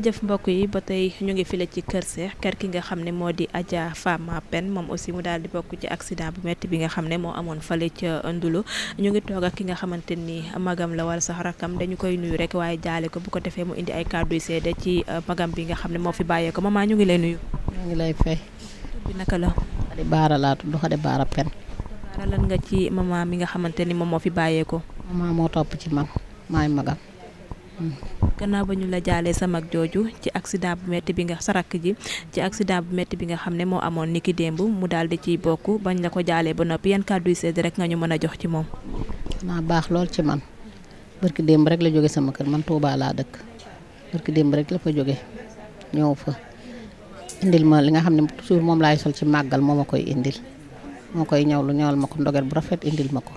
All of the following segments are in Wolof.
jëf mbokk yi ba tey ñu ngi file ci kër Seex kër ki nga xam ne moo di Adja Fama Pen moom aussi mu daal di bokk ci accident bu métti bi nga xam ne moo amoon fale ca Ndulu ñu ngi toog ak ki nga xamante ni magam la wala sax rakam dañu koy nuyu rek waaye jaale ko bu ko defee mu indi ay kàddu yu seede ci euh, magam bi nga xam ne moo fi bàyyee ko maman ñu ngi lay nuyu. ñu ngi lay fay. tur bi naka la. Xadi Baara laa tudd Xadi Baara Pen. lan nga ci maman mi nga xamante ni moom moo fi bàyyee ko. moo topp ci man maay gannaaw ba ñu la jaalee sama jooju ci accident bu metti bi nga sarak ji ci accident bu métti bi nga xam ne moo amoon ni niki démb mu daal di ciy bokk bañ la ko jaalee ba noppi yan kàddu yu sedd rek nga ñu mën a jox ci moom. xanaa baax lool ci man barki démb rek la jóge sama kër man Touba laa dëkk barki démb rek la fa jóge ñëw fa indil ma li nga xam ne toujours moom laay sol ci màggal moo ma koy indil moo koy ñawlu ñawal ma ko ndogal bu rafet indil ma ko.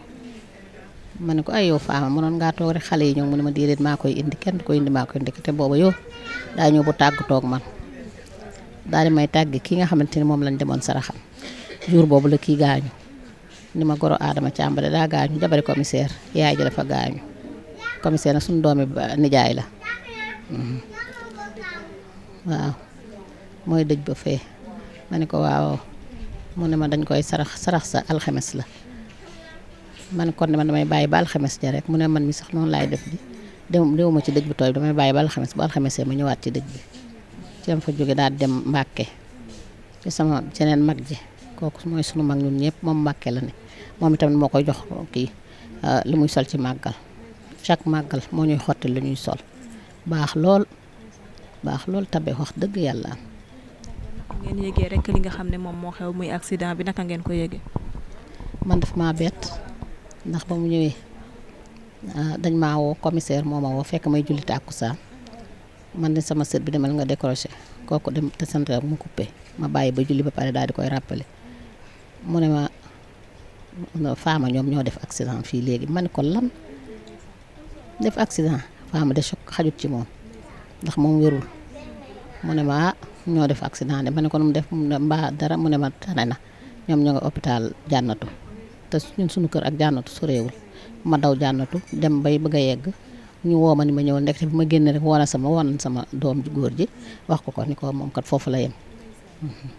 ma ne ko ay yow faama mënoon ngaa toog rek xale yi ñoom mu ne ma déedéet maa koy indi kenn du ko indi maa koy indi te booba yow daa ñëw bu tàgg toog man daal di may tàgg ki nga xamante ni moom lañ demoon saraxam jur boobu la kii gaañu ni ma goro Adama Càmbare daa gaañu jabari commissaire yaay ji dafa gaañu commissaire nag suñu doomi nijaay la mhm. waaw mooy dëj ba fee ma ne ko waaw mu ne ma dañ koy sarax sarax sa alxames la man kon man damay bàyyi ba alxames ja rek mu ne man mi sax noonu laay def di dem déwuma ci dëj bu tooy damay bàyyi ba alxames ba alxamesee ma ñëwaat ci dëj bi ci fa jóge daal dem Mbàkke ci sama jeneen mag ji kooku mooy sunu mag ñun ñëpp moom Mbàkke la ne moom itamit moo koy jox kii euh, li muy sol ci màggal chaque màggal moo ñuy xotti lu ñuy sol baax lool baax lool tabe wax dëgg yàlla ngeen yéegee rek li nga xam ne moom moo xew muy accident bi naka ngeen ko yéegee. ndax ba mu ñëwee ah, dañ maa woo commissaire moo ma woo fekk may julli tàkkusaan man de sama sët bi demal nga décroché kooku dem te sant mu coupé ma bàyyi ba julli ba pare daal di koy rappelé mu ne ma faama ñoom ñoo def accident fii léegi man ne ko lam def accident faama de choc xajut ci moom ndax moom wérul mu ne ma ah, ñoo def accident de ma ne ko nu mu def mbaa dara mu ne ma tane na ñoom ñoo nga hôpital jànnatu te ñun suñu kër ak jànnatu soreewul ma daw jànnatu dem bay bëgg yegg ñu woo ma ni ma ñëwal ndekete bi ma génn rek woon sama woon sama doom ju góor ji wax ko ko ni ko moom kat foofu la yem. Mm-hmm.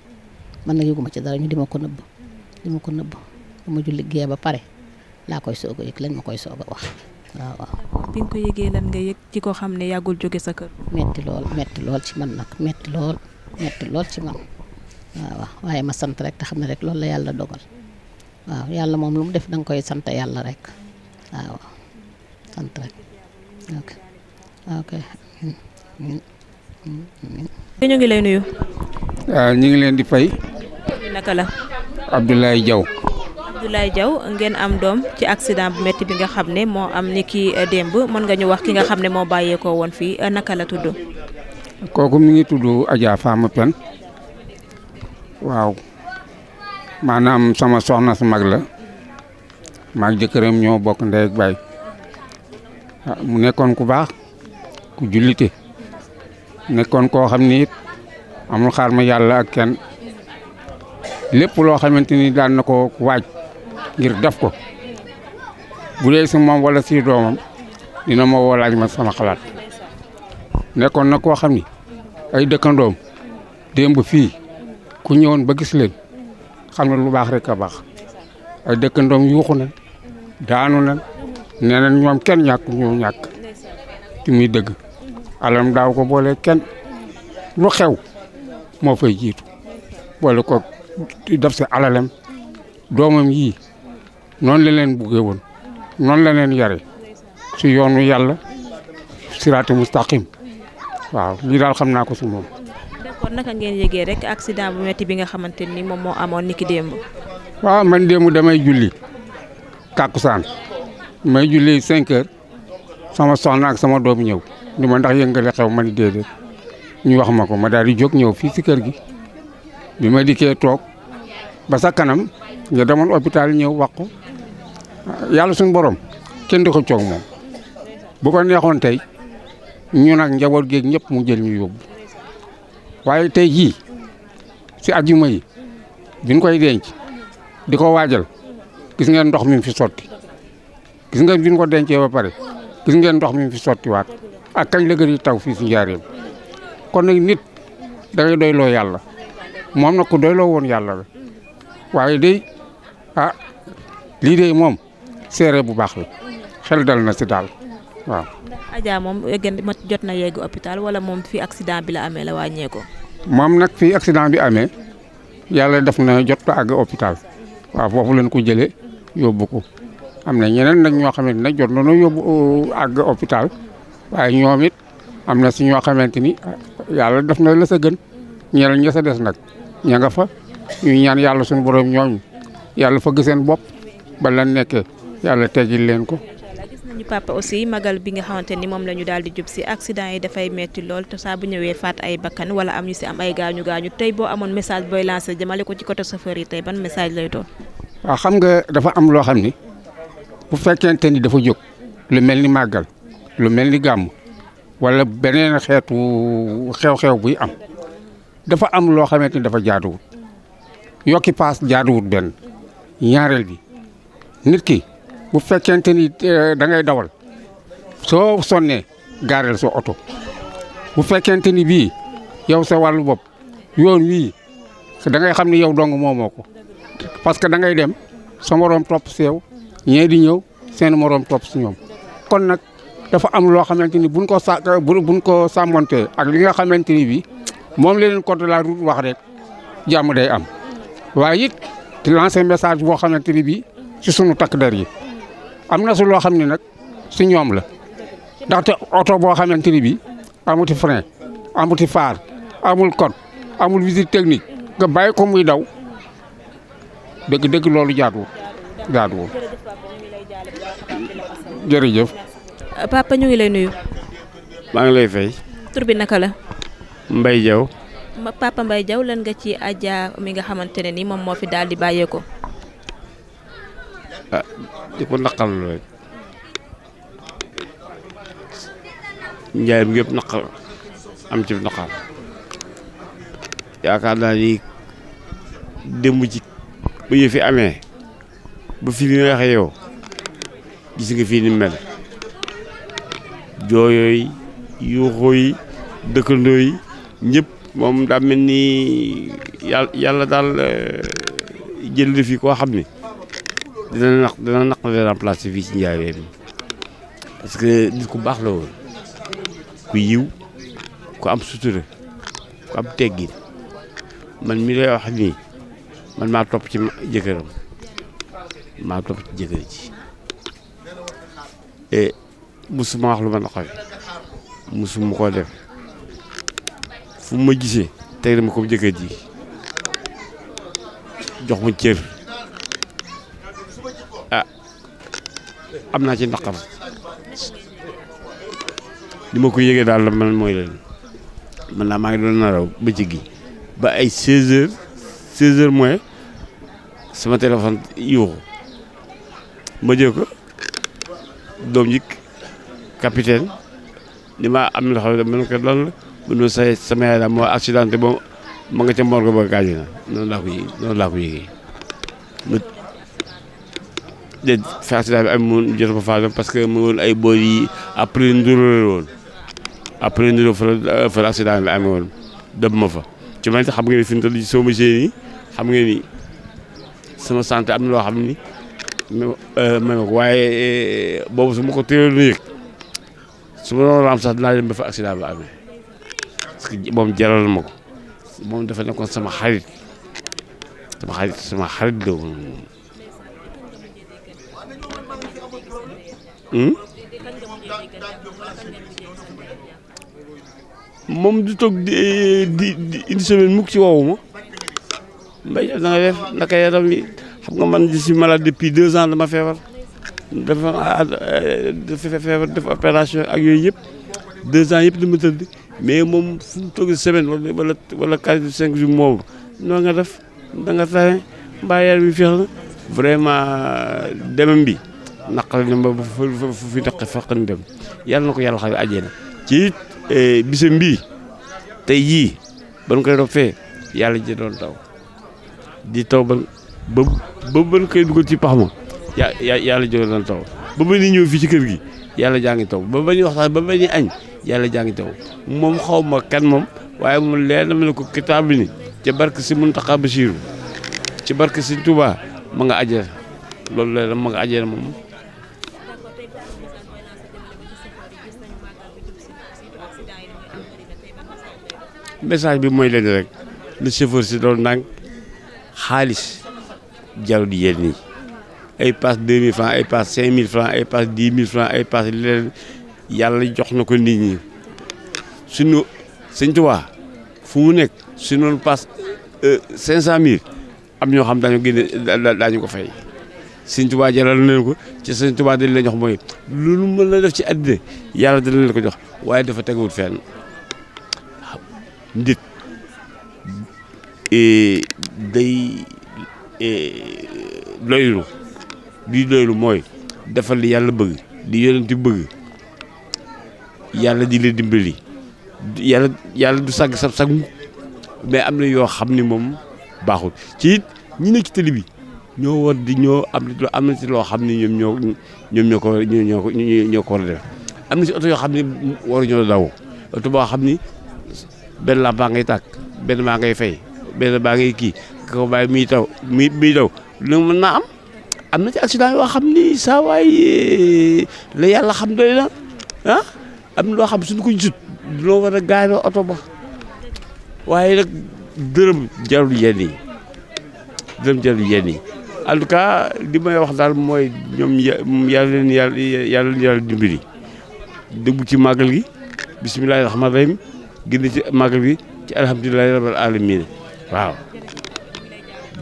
man nag yëguma ci dara ñu di ma ko nëbb di ma ko nëbb ba liggéey ba pare laa koy soog lañ ma koy soog a wax waaw waaw. bi nga ko yëgee lan nga yëg ci ko xam ne yàggul jóge sa kër. metti lool metti lool ci man nag metti lool metti lool ci man waaw waaye ma sant rek te xam ne rek loolu la yàlla dogal. waaw yàlla moom lu mu def danga koy sant yàlla rek waaw sant rek ok ok. ñu ngi lay nuyu. Ah, ñu ngi leen di fay. naka la. Abdoulaye Diaw. Abdoulaye Diaw ngeen am doom ci accident bu metti bi nga xam ne moo am ni ki eh, démb mën nga ñu wax ki nga xam ne moo bàyyeekoo woon fii eh, naka la tudd. kooku mu ngi tudd Adja Fama Pène waaw. maanaam sama soxna su mag la maag jëkkëram ñoo bokk ndey ak baay ah, mu nekkoon ku baax ku jullite nekkoon koo xam ni it amul xaar ma yàlla ak kenn lépp loo xamante ni daan na ko waaj ngir def ko bu dee si moom si doomam dina ma woo laaj ma sama xalaat nekkoon na koo xam ni ay dëkkandoom démb fii ku ñëwoon ba gis leen xam ne lu baax rekk a baax ay dëkkandoom yuuxu na daanu na nee na ñoom kenn ñàkk ñoo ñàkk ci muy dëgg alam daaw ko boole kenn lu xew moo fay jiitu boole ko def si alalem doomam yii noonu la leen buggee woon noonu la leen yare si yoonu yàlla siraati mustaqim waaw lii daal xam naa ko si naka ngeen yëgee rek accident bu metti bi nga xamante ni moom moo amoon niki démb. waaw man démb damay julli tàkkusaan may julli 5 heures sama soxna ak sama doom ñëw ni ma ndax yëngale xew ma ni déedéet ñu wax ma ko ma daal di jóg ñëw fii si kër gi bi ma dikkee toog ba sa kanam nga demoon hôpital ñëw wax ko yàlla suñu borom kenn di ko coog moom bu ko neexoon tey ñu nag njaboot geeg ñëpp mu jël ñu yóbbu. waaye tey jii si ajjuma yi biñ koy denc di ko waajal gis ngeen ndox mi fi sotti gis ngeen biñ ko dencee ba pare gis ngeen ndox mi fi sottiwaat ak kañ la gën a taw fii si njaareem kon nag nit da doyloo yàlla moom nag ko doyloo woon yàlla la waaye day ah lii de moom seere bu baax la xel dal na si daal waaw. Adja moom gën ma jot na yegg hôpital wala moom fi accident bi la amee la wàññee ko. moom nag fii accident bi amee yàlla def na jot ko àgg hôpital waaw foofu leen ko jëlee yóbbu ko am na ñeneen nag ñoo xamante ne jot nañoo yóbbu uh, àgg hôpital waaye ñoom it am na si ñoo xamante ni yàlla def na la sa gën ñeneen ña sa des nag ña nga fa ñuy ñaan yàlla suñu borom ñooñu yàlla fa seen bopp ba lan nekkee yàlla tegil leen ko. nañu papa aussi magal bi nga xamante ni moom la ñu daal di jub si accident yi dafay metti lool te saa bu ñëwee faat ay bakkan wala am ñu si am ay gaañu gaañu tey boo amoon message booy lancé jëmale ko ci côté chauffeur yi tey ban message lay doon. waaw xam nga dafa am loo xam ni bu fekkente ni dafa jóg lu mel ni màggal lu mel ni gàmm wala beneen xeetu xew-xew buy am dafa am loo xamante ni dafa jaaduwut yokki paas jaaduwut benn ñaareel bi nit ki. bu fekkente ni eh, da ngay dawal soo sonnee gaareel sa oto bu fekkente ni bii yow sa wàllu bopp yoon wii da ngay xam ni yow dong moomoo ko parce que da ngay dem soo moroom topp si yow ñee di ñëw seen moroom topp si ñoom kon nag dafa am loo xamante ni buñ ko sa buñ ko sàmmantee ak li nga xamante ni bii moom leneen code de la wax rek jàmm day am waaye it di lancer message boo xamante ni bii si sunu takk der yi am na su loo xam ne nag si ñoom la ndaxte oto boo xamante ni bii amuti frein amuti phare amul code amul visite technique nga bàyyi ko muy daw dëgg-dëgg loolu jaadu jaaduwul jërëjëf. papa ñu ngi lay nuyu. maa ngi lay fay. tur bi naka la. Mbaye Diaw. papa Mbaye Diaw lan nga ci Adja mi nga xamante ne ni moom moo fi daal di bàyyeekoo. ah di ko naqarlu rek njaay bi yëpp am ci naqar yaakaar naa ni démb ci bu yëfi amee ba fi ni waxee yow gis nga fii ni mel jooyooy yuuxoo yi dëkkandoo moom daa mel ni yàlla yàlla daal eh, jël fi koo xam ni dina naq dina naq fii ci Ndiaye bi parce que nit ku baax la woon ku yiw ku am suture ku am teggin man mi lay wax man maa topp ci jëkkëram maa topp ci jëkkër ji et eh, musuma wax lu ma naqari musuma ko def fu ma gisee teg na ma ko ji jox ma cër. am naa ci naqar li ma ko yëgee daal la man mooy leen man naa maa ngi doon naraw ba gi ba ay 16 heures 16 heures moins sama téléphone yuuxu ma jël ko doom ji capitaine ni ma am loo xam ne man ko lan la bu ñu say sama yaay daal nga ca morgue ba gaañu na noonu laa ko yëgee fi accident bi am moom jot fa faatu parce que mu woon ay boor yi après nduró woon après nduró fa euh, fa accident bi amee woon ma fa ci man xam nga ni fi mu toll soo ma génn yi xam nga ni sama santé am loo xam ni ma euh, ne waaye euh, boobu su ma ko téeloon yëg su ma doon raam sax fa accident bi amee parce que moom jaral ma ko moom dafa nekkoon sama xarit sama xarit sama moom di toog di di une semaine mukk ci woowuma mbay da nga def naka yaram yi xam nga man je si malade depuis deux ans dama feebar dafa feebar def opération ak yooyu yëpp deux ans yëpp dama tëdd mais moom fu mu toog semaine wala wala wala quatre cinq jours moomu noo nga def da nga taxe mbaa yaram yi feex vraiment demam bi naqari na ba fu fi naqe faqan dem yàlla na ko yàlla xawe àjjana ci it e, bisam bii tey yii ban koy doon fee yàlla ji doon taw di taw ban ba ba ban koy dugal ci pax ma yaa yàlla ji doon taw ba ba ni ñëw fii ci kër gi yàlla jaa ngi taw ba ba ñuy waxtaan ba ba ñuy añ yàlla jaa ngi taw moom xaw ma kan moom waaye moom leer na ma ne ko kitaab bi ni ci barke si Muntaxa Basiiru ci barke si Tuubaa ma nga àjjana loolu la ma nga àjjana moom message bi mooy leen rek le chauffeur si doon ndànk xaalis jarul yéen nii ay pass deux mille francs ay pass cinq mille francs ay pass dix mille francs ay pass leen yàlla jox na ko nit ñi suñu sëñ Tuubaa fu mu nekk su noonu pass euh, cinq cent mille am ñoo xam daañu génne daañu ko fay sëñ Tuubaa jaral na ko ci sëñ Tuubaa dañ la jox mooy lu mu mën def ci àddina yàlla dana leen ko jox waaye dafa teguwul fenn nit day e, doylu liy doylu mooy defal li yàlla bëgg di yonenti bëgg yàlla di la dimbali yàlla yàlla du sàgg sab sag mais am na yoo xam ni moom baaxut ci it nekk ci télé bi ñoo war di ñoo am am na si loo xam ni ñoom ñoo ñoo ko ñoo ñoo ko war a am na si oto yoo xam ni waruñoo daw oto boo xam ni benn làmpaa ngay tàkk benn baa ngay fay benn baa ngay kii ko bàyyi muy taw muy muy taw mën naa am am na ci accident yoo xam ni saa waay eh, la yàlla xam doy na ah am na loo xam suñu ko jut dunoo war gaare oto ba waaye nag dërëm jarul yenn yi dërëm jarul yenn yi en tout cas may wax daal mooy ñoom yàlla leen yàlla yàlla leen yàlla dimbali dëggu ci màggal gi bisimilahi rahmaani génn ci màggal bi ci alhamdulilahi rabbil alamin waaw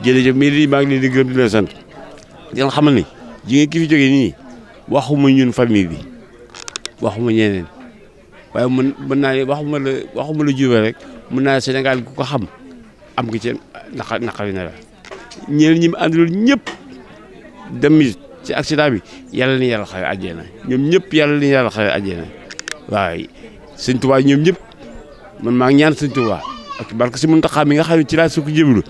jërëjëf mais lii maa ngi leen di gërëm di leen sant di nga ni ji ngeen ki fi jógee nii waxuma ñun famille bi waxuma ñeneen waaye mën mën naa ne waxuma la waxuma rek mën naa senegal ku ko xam am nga ci naqa naqari na la ñeneen ñi mu àndaloon ñëpp dem ci accident bi yàlla ni yàlla xare àjjana ñoom ñëpp yàlla ni yàlla xare àjjana waaye Sëñ Tuubaa ñoom ñëpp man maa ñaan sëñ Touba ak barke si Muntaxa mi nga xam ne ci laa sukk jéblu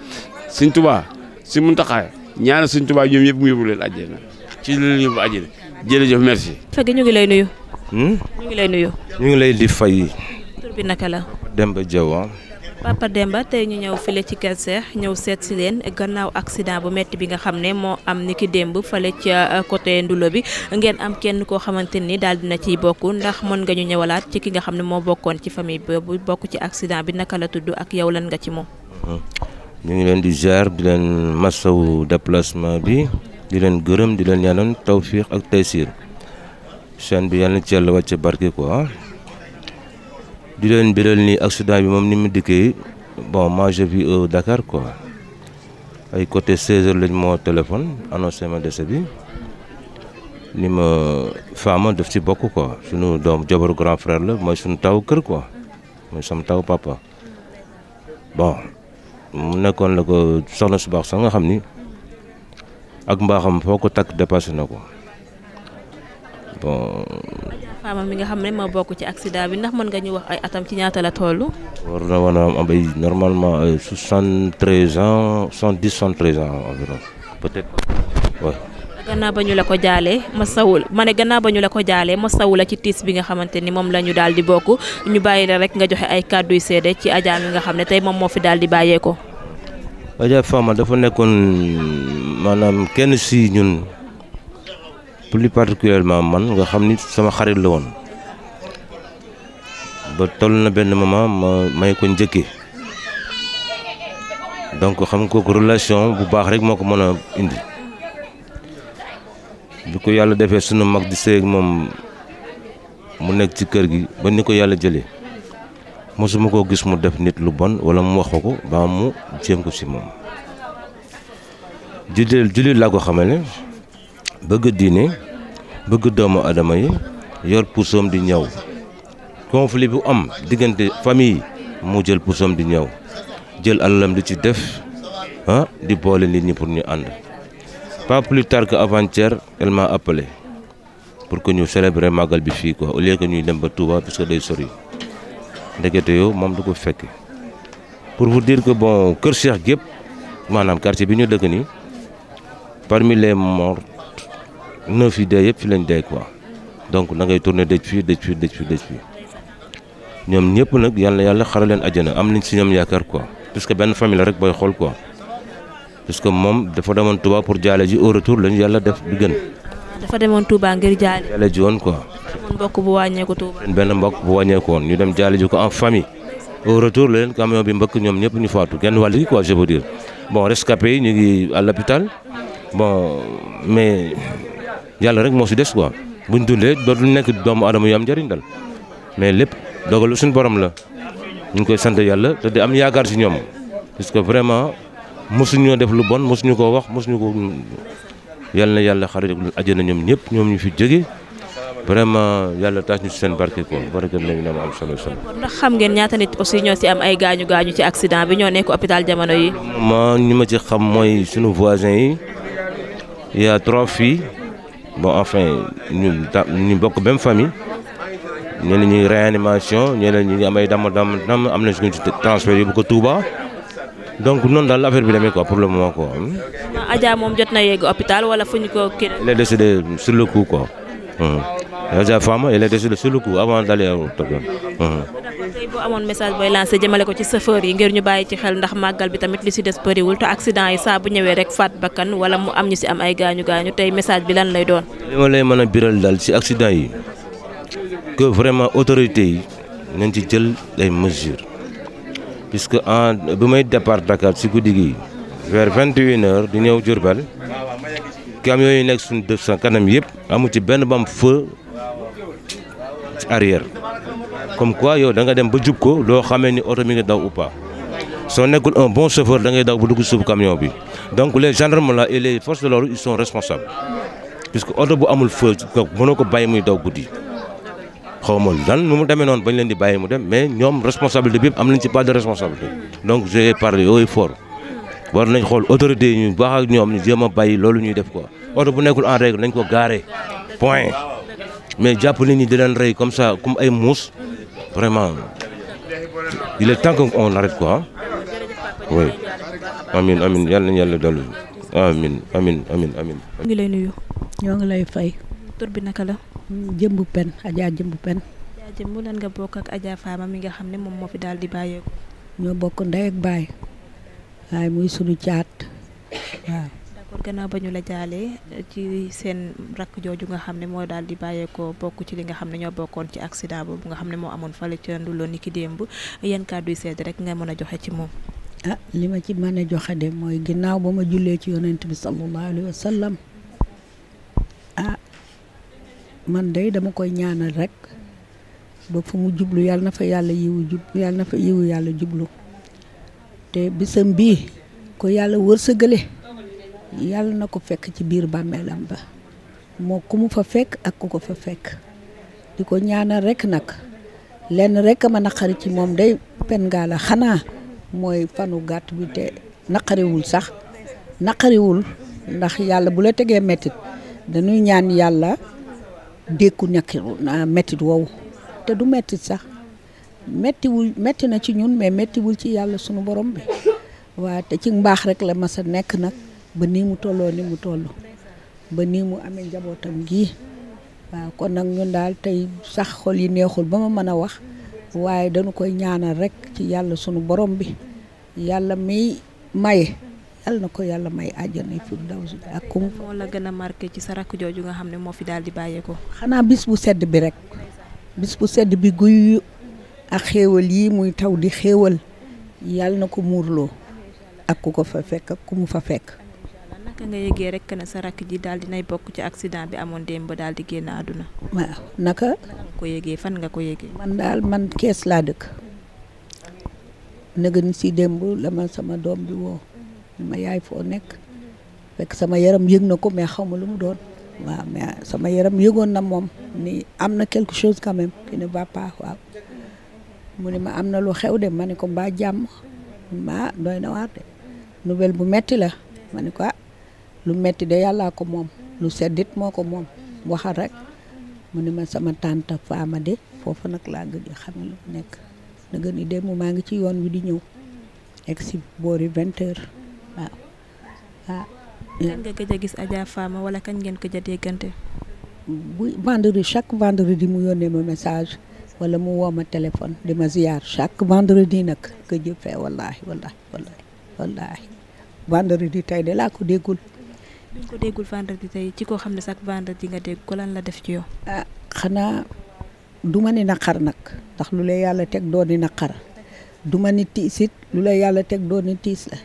sëñ Touba si Muntaxa ñaanal sëñ Touba ñoom yëpp mu yóbbu leen àjjana ci leen yóbbu àjjana jërëjëf merci. fekk ñu ngi lay nuyu. Hmm? ñu ngi lay nuyu. ñu ngi lay di fay. tur bi naka la. Demba Diaw Papa Demba tey ñu ñëw file ci Kër ñëw seet si leen gannaaw accident bu métti bi nga xam ne moo am ni ki démb fale ca euh, côté Ndulo bi ngeen am kenn koo xamante ni daal dina ciy bokk ndax mën nga ñu ñëwalaat ci ki nga xam ne moo bokkoon ci famille boobu bokk ci accident bi naka la tudd ak yow lan nga ci moom. ñu ngi leen di ziar di leen masawu déplacement bi di leen gërëm di leen ñaanal tawfiix ak taysiir chaîne bi yàlla na ci yàlla wàcce barke quoi. di leen biral ni accident bi moom ni ma dikkee bon moi je vis au Dakar quoi ay côté 16 heures lañ moo téléphone annoncé ma dese bi ni ma faama daf si bokk ko sunu doom jabaru grand frère la mooy suñu taw kër quoi mooy sama taw papa bon mu nekkoon la ko soxna su baax sax nga xam ni ak mbaaxam foo ko takk dépassé na ko bon. faama mi nga xam ne ma bokk ci accident bi ndax mën nga ñu wax ay atam ci ñaata la toll. war na woon am ay normalement ay soixante treize ans soixante dix gannaaw ba ñu la ko jaalee ma sawul ma ne gannaaw ba ñu la ko jaalee ma sawula ci tiis bi nga xamante ni moom la ñu daal di bokk ñu bàyyi la rek nga joxe ay kàddu yu seede ci Adja mi nga xam ne tey moom moo fi daal di bàyyee ko. Adja Fama dafa nekkoon maanaam kenn si ñun. plus particulièrement man nga xam ni sama xarit la woon ba toll na benn moment ma may ko njëkkee donc xam nga kooku relation bu baax rek moo ko mën a indi bi ko yàlla defee sunu mag di sëy ak moom mu nekk ci kër gi ba ni ko yàlla jëlee mosuma koo gis mu def nit lu bon wala mu wax ko ba mu jéem ko si moom jullit laa ko xamale bëgg diine bëgg doomu adama yi yor pusoom di ñëw conflit bu am diggante famille mu jël pusoom di ñëw jël alalam di ci def ah di boole nit ñi pour ñu ànd pas plus tard que avant-hier elle m'a appelé pour que ñu célébrer màggal bi fii ko au lieu que ñuy dem ba Touba parce que day sori ndekete yow moom du ko fekk pour vous dire que bon kër Cheikh gépp maanaam quartier bi ñu dëkk nii parmi les neuf yi dee yëpp fi lañ dee quoi donc na ngay tourné dëj fii dëj fii dëj fii ñoom ñëpp nag yàlla yàlla xara leen àjjana am nañ si ñoom yaakaar quoi puisque benn famille rek booy xool quoi puisque moom dafa demoon Touba pour jaale ji au retour lañu yàlla def du gën. dafa demoon Touba ngir jaale. jaale ji woon quoi. benn mbokk bu wàññeeku benn mbokk bu wàññeekoon ñu dem jaale ji ko en famille. au retour la leen camion bi mbëkk ñoom ñëpp ñu faatu genn wàll gi quoi je veux dire bon rescapé ñu ngi à l'hôpital bon mais. yàlla rek moo si des bu ñu dundee dootul nekk doomu aadama yu am njëriñ dal mais lépp dogalu suñu borom la ñu ngi koy sant yàlla te di am yaakaar si ñoom parce que vraiment ñoo def lu bon mosuñu koo wax mosuñu ko yàlla na yàlla xarit ajana ñoom ñëpp ñoom ñu fi jege vraiment yàlla taas ñu si seen barke ko barke nañu ne ma am solo solo. kon ndax xam ngeen ñaata nit aussi ñoo si am ay gaañu gaañu ci accident bi ñoo nekk hôpital jamono yi. ma ñi ma ci xam mooy sunu voisin yi il y bon enfin ñu ñu bokk même famille ñeneen ñi réanimation ñeneen ñi am ay dama dama dam am na suñu transfert yóbbu ko Touba donc noonu daal affaire bi demee quoi pour le moment hmm? a ah, Adja moom jot na yegg hôpital wala fu ñu ko kii. il est décédé sur le coup quoi. Hmm. Adja Fama il est décédé sur le coup avant d'aller au tey boo amoon message booy lancé jëmale ko ci chauffeur yi ngir ñu bàyyi ci xel ndax màggal bi tamit li si des bëriwul te accident yi saa bu ñëwee rek faat bakkan wala mu am ñu si am ay gaañu gaañu tey message bi lan lay doon. li ma mën a biral daal si accident yi que vraiment autorité yi nañ ci jël ay mesures puisque en bi may départ Dakar si guddi gi vers vingt et une di ñëw Diourbel camions yi nekk suñu def sa kanam yëpp amu ci benn bam feu ci arrière. comme quoi yow da nga dem ba jub ko loo xamee ni oto mi ngi daw ou soo nekkul un bon chauffeur da ngay daw ba dugg suuf camion bi donc les gendarmes là et les forces de l'ordre ils sont puisque oto bu amul feu mënoo ko bàyyi muy daw guddi xaw ma lan nu mu demee noonu bañ leen di bàyyi mu dem mais ñoom responsabilité bi am nañ ci pas de responsabilité donc j'ai parlé yooyu fort war nañ xool autorité yi ñu baax ak ñoom ñu jéem a bàyyi loolu ñuy def quoi oto bu nekkul en règle nañ ko garer mais jàpp ni di leen rey comme sa comme ay muus vraiment il est temps qu'on arrête quoi oui amin amin yàlla nañu yàlla dolli amin amin amin amin ñoo ngi lay nuyu ñoo ngi lay fay tur bi naka la jëmbu pen Adja jëmbu pen Adja jëmbu lan nga bokk ak Adja Fama nga xam ne moom moo fi daal di bàyyeeku ñoo bokk ndey ak baay waaye muy sunu caat gannaaw ba ñu la jaalee eh, ci seen rakk jooju nga xam ne moo daal di bàyyeekoo bokk ci li nga xam ne ñoo bokkoon ci accident boobu nga xam ne moo amoon fale ca Ndoulo ni ki démb yan kàddu yu sedd rek nga mën a joxe ci moom. ah li ma ci mën a joxe de mooy ginnaaw ba ma jullee ci yonent bi sallallahu alayhi wa sallam ah man de dama koy ñaanal rek ba fu mu jublu yàlla na fa yàlla yiwu jub yàlla na fa yiwu yàlla jublu te bisam bii ko yàlla wërsëgale. yàlla na ko fekk ci biir bàmmeelam ba moo ku mu fa fekk ak ku ko fa fekk di ko ñaanal rekk nag lenn rek ma naqari ci moom day pen gaa la xanaa mooy fanu gàtt bi te naqariwul sax naqariwul ndax yàlla bu la tegee mettit dañuy ñaan yàlla dékku ñàkk mettit woowu te du mettit sax mettiwul metti na ci ñun mais mettiwul ci yàlla sunu borom bi waa te ci mbaax rek la mas a nekk nag ba nii mu tolloo ni mu toll ba nii mu amee njabootam gii waaw kon nag ñun daal tey sax xol yi neexul ba ma mën a wax waaye dañu koy ñaanal rek ci yàlla sunu borom bi yàlla miy maye yàlla na ko yàlla may àjjana fi daw si ak la gën a marqué ci sa rakk jooju nga xam ne moo fi daal di bàyyeekoo. xanaa bis bu sedd bi rek bis bu sedd bi guy ak xéewal yi muy taw di xéewal yàlla na ko muurloo ak ku ko fa fekk ak fa fekk. naka nga yëgee rek na sa rakk ji daal dinay bokk ci accident bi amoon démb daal di génn àdduna. waaw naka. nga fan nga ko yëgee. man daal man kees laa dëkk. nëgën si démb la ma sama doom bi woo. ma yaay foo nekk. fekk sama yaram yëg na ko mais xaw ma lu mu doon. waaw mais sama yaram yëgoon na moom ni am na quelque chose quand ne va pas waaw mu ne ma am na lu xew de ma ne ko mbaa jàmm mbaa doy na waar de nouvelle bu metti la ma ko ah, lu metti de yàllaa ko moom lu seddit moo ko moom waxal rek mu ni ma sama tante faama de foofu nag laa gëj a xam lu nekk na gën ni démb maa ngi ci yoon wi di ñëw egg si boori vingt heures waaw ah lan nga gëj a gis Adja Fama wala kañ ngeen ko ja déggante bu vendredi chaque vendredi mu yónnee ma message wala mu woo ma téléphone di ma ziar chaque vendredi nag gëj a fee wallaahi wallaahi wallaahi vendredi tey de laa ko déggul lu bi ko déggul vendredi tey ci koo xam ne chaque vendredi nga dégg ko lan la def ci yoon ah xanaa du ma ni naqar nag ndax lu la yàlla teg doon ni naqar du ma ni tiis lu la yàlla teg doon ni tiis la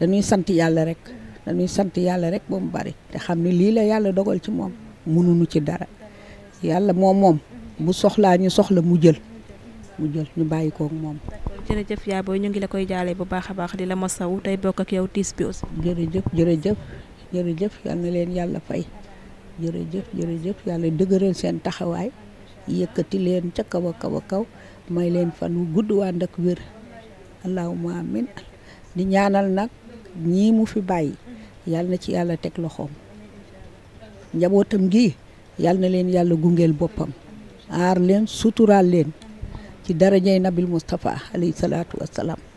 dañuy sant yàlla rek dañuy sant yàlla rek ba mu bari te xam ne lii la yàlla dogal ci moom mënuñu ci dara yàlla moom moom bu soxlaa ñu soxla mu jël mu jël ñu bàyyi koog moom. jërëjëf yaa booy ñu ngi la koy jaalee bu baax a baax di la masawu tey bokk ak tiis bi aussi. jërëjëf jërëjëf. jërëjëf yal na leen yàlla fay jërëjëf jërëjëf yàlla dëgëral seen taxawaay yëkkati leen ca kaw a kaw a kaw may leen fan wu gudd wànd ak wér allahumma amin di ñaanal nag ñii mu fi bàyyi yàlla na ci yàlla teg loxoom njabootam gi yàlla na leen yàlla gungeel boppam aar leen suturaal leen ci darajay nabil Moustapha alayhi salaatu wassalaam